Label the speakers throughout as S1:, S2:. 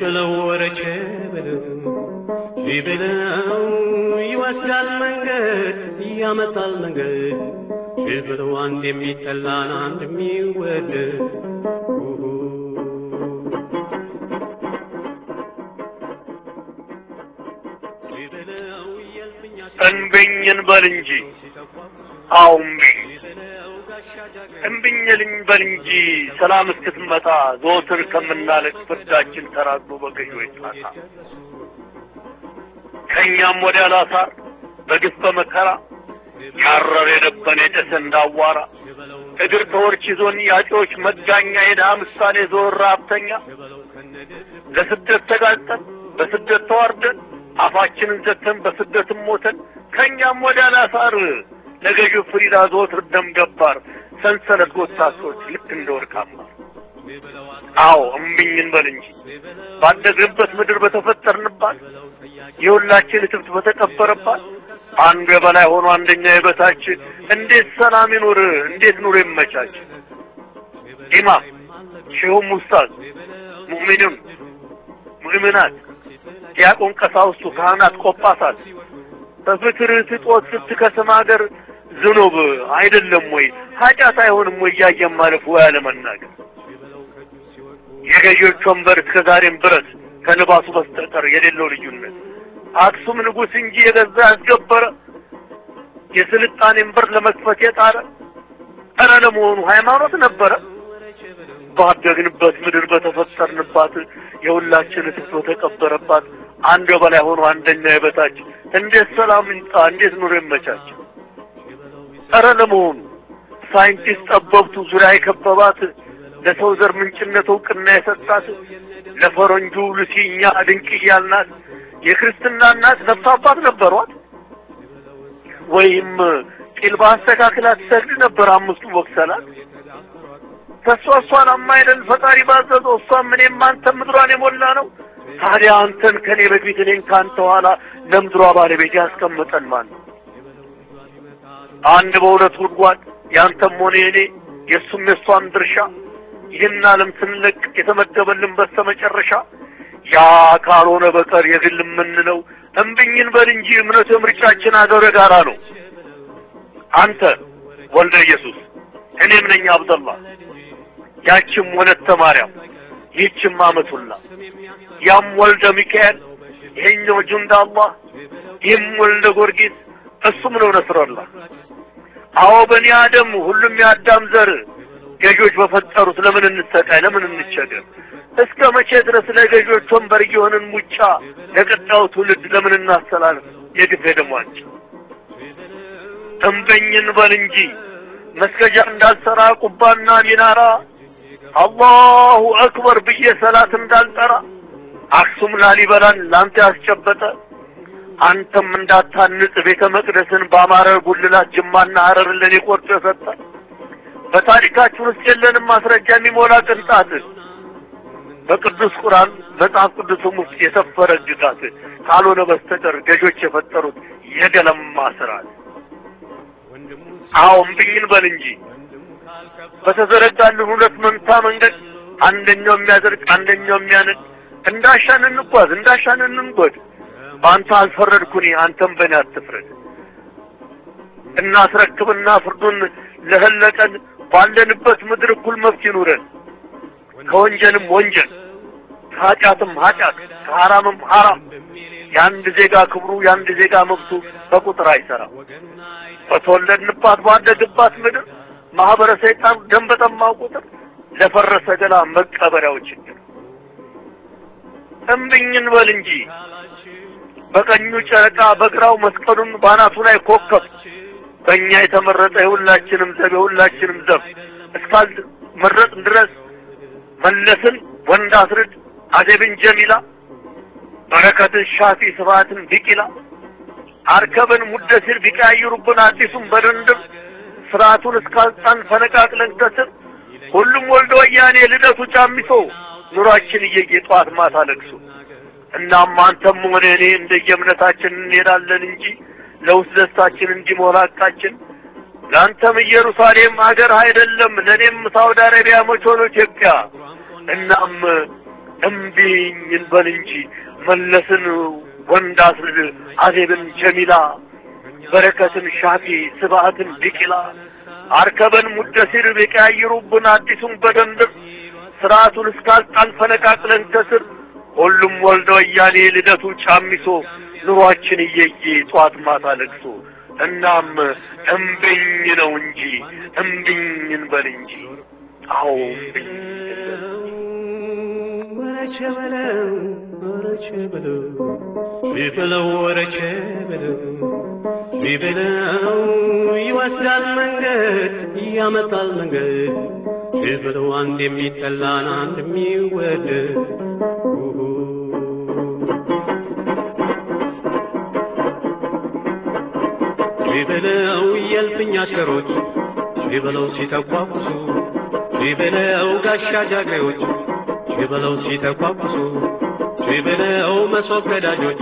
S1: በለው ወረቸ በለው በለው ይወስዳል መንገድ በለው አንድ የሚጠላን አንድ የሚወደድ
S2: እንበኝን በል እንጂ አውምቢ እምብኝልኝ ልኝበል እንጂ ሰላም እስክትመጣ ዘወትር ከምናለቅ ፍርዳችን ተራግሎ በገዢ ይጣሳ ከእኛም ወደ አላሳር በግፍ በመከራ ያረር የደበነ የጨሰ እንዳዋራ እግር ተወርች ይዞን ያጪዎች መጋኛ የድሀ ምሳሌ ዞር ረሀብተኛ ለስደት ተጋጠን በስደት ተዋርደን አፋችንን ዘተን በስደትም ሞተን ከእኛም ወደ አላሳር ለገዢው ፍሪዳ ዘወትር ደም ገባር ሰንሰለት ጎታቶች ልክ እንደ አው አዎ እምቢኝ እንበል እንጂ ባደግንበት ምድር በተፈጠርንባት የሁላችን እትብት በተቀበረባት አንዱ የበላይ ሆኖ አንደኛ የበታች እንዴት ሰላም ይኑር? እንዴት ኑሮ ይመቻች? ዲማ ሼሁም ኡስታዝ ሙእሚኑም ሙእሚናት ዲያቆን፣ ቀሳውስቱ፣ ካህናት፣ ቆጳሳት በፍቅር ስጦት ስትከስም ሀገር ዝኑብ አይደለም ወይ ኃጢአት አይሆንም ወይ እያየን ማለፍ ወይ አለመናገር የገዢዎች ወንበር እስከ ዛሬም ብረት ከልባሱ በስተቀር የሌለው ልዩነት አክሱም ንጉስ እንጂ የገዛ ያስገበረ የስልጣኔን በር ለመክፈት የጣረ ኧረ ለመሆኑ ሃይማኖት ነበረ? ባደግንበት ምድር በተፈጠርንባት የሁላችን ስቶ ተቀበረባት አንዱ የበላይ ሆኖ አንደኛ የበታች እንዴት ሰላም ይምጣ? እንዴት ኑሮ ይመቻቸው? ኧረ ለመሆኑ ሳይንቲስት ጠበብቱ ዙሪያ የከበባት ለሰው ዘር ምንጭነት እውቅና የሰጣት ለፈረንጁ ሉሲ እኛ ድንቅ እያልናት የክርስትና እናት ነፍስ አባት ነበሯት ወይም ቂል በአስተካክላ ትሰግድ ነበር አምስቱ ወክሰላት ተሷ አማይለን ፈጣሪ ባዘዘው እሷም እኔም አንተ ምድሯን የሞላ ነው ታዲያ አንተን ከኔ በፊት እኔን ካንተ ኋላ ለምድሯ ባለቤት ያስቀመጠን ማን ነው? አንድ በሁለት ጉድጓድ ያንተም ሆነ የኔ የእሱም የእሷም ድርሻ ይህን ዓለም ስንለቅ የተመደበልን በስተመጨረሻ ያ ካልሆነ በቀር የግል የምንለው እምብኝን በል እንጂ እምነቱ የምርጫችን አገረ ጋራ ነው። አንተ ወልደ ኢየሱስ እኔም ነኝ አብደላ ያችም ወለተ ማርያም ይህችም አመቱላ ያም ወልደ ሚካኤል ይሄኛው ጁንዳ አላህ ይህም ወልደ ጎርጊስ እሱም ነው ነስረላ። አዎ በኒ አደም ሁሉም የአዳም ዘር ገዦች በፈጠሩት ለምን እንሰቃይ? ለምን እንቸገር? እስከ መቼ ድረስ ለገዦች ወንበር እየሆንን ሙጫ ለቀጣዩ ትውልድ ለምን እናስተላልፍ? የግፍ ደሟች እንበኝን በል እንጂ መስገጃ እንዳልሰራ ቁባና ሚናራ አላሁ አክበር ብዬ ሰላት እንዳልጠራ አክሱም ላሊበላን ላንተ ያስጨበጠ አንተም እንዳታንጽ ቤተ መቅደስን ባማረ ጉልላት ጅማና ሐረርን ለኔ ቆርጦ የሰጠ በታሪካችን ውስጥ የለንም ማስረጃ የሚሞላ ቅንጣት በቅዱስ ቁርአን መጽሐፍ ቅዱስም ውስጥ የሰፈረ ግዛት ካልሆነ በስተቀር ገዦች የፈጠሩት የገለማ ስራ አዎ እምብኝን በል እንጂ በተዘረጋልን ሁለት መንታ መንገድ አንደኛው የሚያደርቅ አንደኛው የሚያነድ እንዳሻን እንጓዝ እንዳሻን እንንጎድ። በአንተ አልፈረድኩኔ አንተም በእኔ አትፍረድ። እናስረክብና ፍርዱን ለህለቀን ባለንበት ምድር እኩል መብት ይኑረን። ከወንጀልም ወንጀል ከኃጢአትም ኃጢአት ከሐራምም ሐራም የአንድ ዜጋ ክብሩ የአንድ ዜጋ መብቱ በቁጥር አይሰራ በተወለድንባት ባደግባት ምድር ማህበረ ሰይጣን ደም በጠማው ቁጥር ለፈረሰ ገላ መቀበሪያው ችግር እምብኝን በል እንጂ በቀኙ ጨረቃ በግራው መስቀሉን ባናቱ ላይ ኮከብ በእኛ የተመረጠ የሁላችንም ዘብ የሁላችንም ዘብ እስካል መረጥ ድረስ መለስን ወንድ አስርድ አደብን ጀሚላ በረከትን ሻፊ ስብሃትን ቢቂላ አርከብን ሙደሲር ቢቀያይሩብን አዲሱን በድንድር ስርዓቱን እስካልጣን ፈነቃቅለን ከስር ሁሉም ወልደ ወያኔ ልደቱ ጫሚሶ ኑሯችን እየየ ጠዋት ማታ ለቅሶ። እናም አንተም ሆነ እኔ እንደየእምነታችን እንሄዳለን እንጂ ለውስጥ ደስታችን እንዲሞላ አቃችን። ለአንተም ኢየሩሳሌም አገር አይደለም፣ ለእኔም ሳውዲ አረቢያ መቾ ኢትዮጵያ። እናም እምቢኝ እንበል እንጂ መለስን፣ ወንዳስ አዜብን፣ ጀሚላ በረከትን ሻፊ ስብዓትን ቢቂላ አርከበን ሙደሲር ቢቀያይሩብን አዲሱን በደንብ ስርዓቱን እስካልጣን ፈነቃቅለን ከስር ሁሉም ወልደው እያሌ ልደቱ ጫሚሶ ኑሯችን እየዬ ጧት ማታ ለቅሶ እናም እምብኝ ነው እንጂ እምብኝ እንበል እንጂ አዎ እምብኝ
S1: ወረቸ ቢበለው ወረቸ ይበለው ይወስዳል መንገድ ያመጣል መንገድ ይበለው አንድ የሚጠላን አንድ የሚወደድ ይበለው የልፍኛ አሽከሮች ይበለው ሲተኳኩሱ ይበለው ጋሻ ጃግሬዎች ይበለው ሲተኳኩሱ ይበለው መሶብ ገዳጆች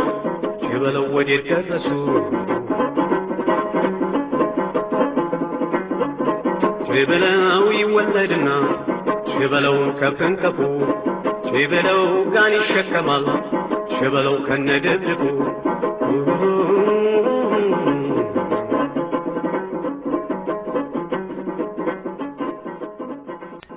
S1: ይበለው ወዴት ደረሱ ብለው ይወለድና ሽበለው ከብትን ከፉ ሽበለው ጋን ይሸከማል ሽበለው ከነደብድቡ